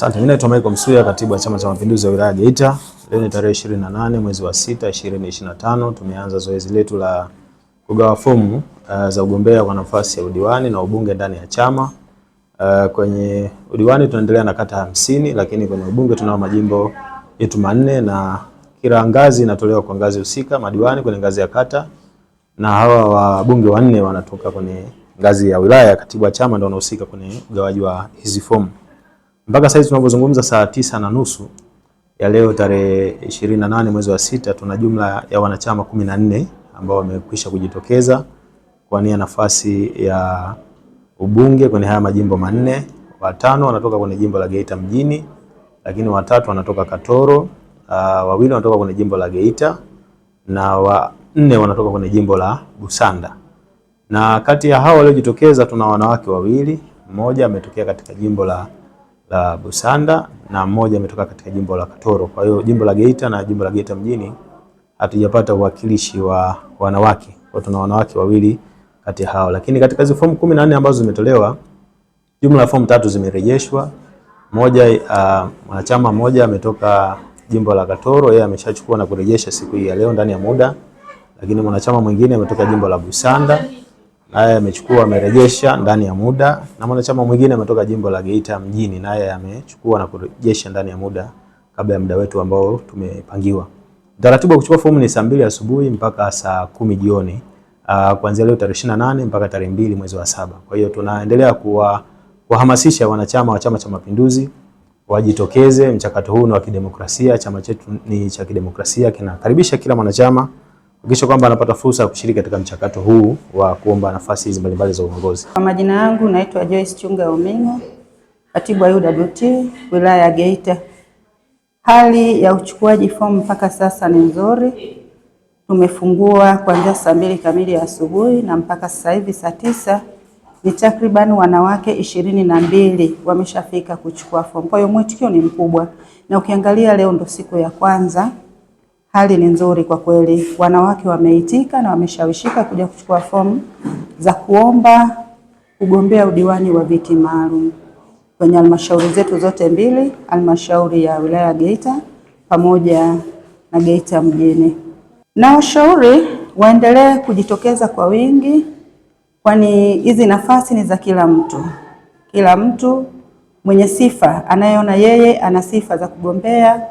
Asante, mimi naitwa Michael Msuya, katibu wa Chama cha Mapinduzi ya wilaya Geita. Leo ni tarehe 28 mwezi wa 6 2025, tumeanza zoezi letu la kugawa fomu uh, za ugombea kwa nafasi ya udiwani na ubunge ndani ya chama. Uh, kwenye udiwani tunaendelea na kata hamsini, lakini kwenye ubunge tunao majimbo yetu manne na kila ngazi inatolewa kwa ngazi husika, madiwani kwenye ngazi ya kata na hawa wabunge wanne wanatoka kwenye ngazi ya wilaya. Katibu wa chama ndio wanahusika kwenye ugawaji wa hizi fomu. Mpaka sasa tunavyozungumza saa tisa na nusu ya leo tarehe nane mwezi wa sita, tuna jumla ya wanachama kumi na nne ambao wamekwisha kujitokeza kuwania nafasi ya ubunge kwenye haya majimbo manne. Watano wanatoka kwenye jimbo la Geita mjini, lakini watatu wanatoka Katoro, uh, wawili wanatoka kwenye jimbo la Geita na wanne wanatoka kwenye jimbo la Busanda. Na kati ya hao waliojitokeza tuna wanawake wawili, mmoja ametokea katika jimbo la la Busanda na mmoja ametoka katika jimbo la Katoro. Kwa hiyo jimbo la Geita na jimbo la Geita mjini hatujapata uwakilishi wa wanawake. Kwa tuna wanawake wawili kati hao, lakini katika hizo fomu kumi na nne ambazo zimetolewa, jumla ya fomu tatu zimerejeshwa. Moja uh, mwanachama mmoja ametoka jimbo la Katoro, yeye ameshachukua na kurejesha siku hii ya leo ndani ya muda, lakini mwanachama mwingine ametoka jimbo la Busanda naye amechukua amerejesha ndani ya muda, na mwanachama mwingine ametoka jimbo la Geita mjini, naye amechukua na kurejesha ndani ya muda kabla ya muda wetu ambao tumepangiwa. Taratibu wa kuchukua fomu ni saa mbili asubuhi mpaka saa kumi jioni uh, kuanzia leo tarehe nane mpaka tarehe mbili mwezi wa saba. Kwa hiyo tunaendelea kuwa kuhamasisha wanachama wa Chama cha Mapinduzi wajitokeze. Mchakato huu ni wa kidemokrasia, chama chetu ni cha kidemokrasia, kinakaribisha kila mwanachama hakikisha kwamba anapata fursa ya kushiriki katika mchakato huu wa kuomba nafasi hizi mbalimbali za uongozi. Kwa majina yangu naitwa Joyce Chunga Omingo, katibu wa UWT wilaya ya Geita. Hali ya uchukuaji fomu mpaka sasa ni nzuri. Tumefungua kuanzia saa mbili kamili ya asubuhi na mpaka sasa hivi saa tisa ni takriban wanawake ishirini na mbili wameshafika kuchukua fomu. Kwa hiyo mwitikio ni mkubwa, na ukiangalia leo ndo siku ya kwanza Hali ni nzuri kwa kweli, wanawake wameitika na wameshawishika kuja kuchukua fomu za kuomba kugombea udiwani wa viti maalum kwenye halmashauri zetu zote mbili, halmashauri ya wilaya ya Geita pamoja na Geita mjini. Na washauri waendelee kujitokeza kwa wingi, kwani hizi nafasi ni za kila mtu. Kila mtu mwenye sifa anayeona yeye ana sifa za kugombea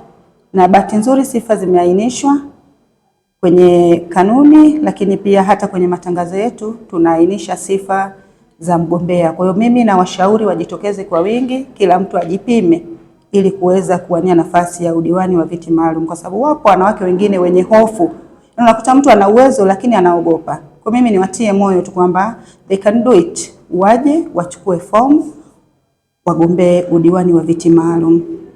na bahati nzuri sifa zimeainishwa kwenye kanuni, lakini pia hata kwenye matangazo yetu tunaainisha sifa za mgombea. Kwa hiyo mimi nawashauri wajitokeze kwa wingi, kila mtu ajipime ili kuweza kuwania nafasi ya udiwani wa viti maalum, kwa sababu wapo wanawake wengine wenye hofu. Unakuta mtu ana uwezo lakini anaogopa. Kwa mimi niwatie moyo tu kwamba they can do it, waje wachukue fomu wagombee udiwani wa viti maalum.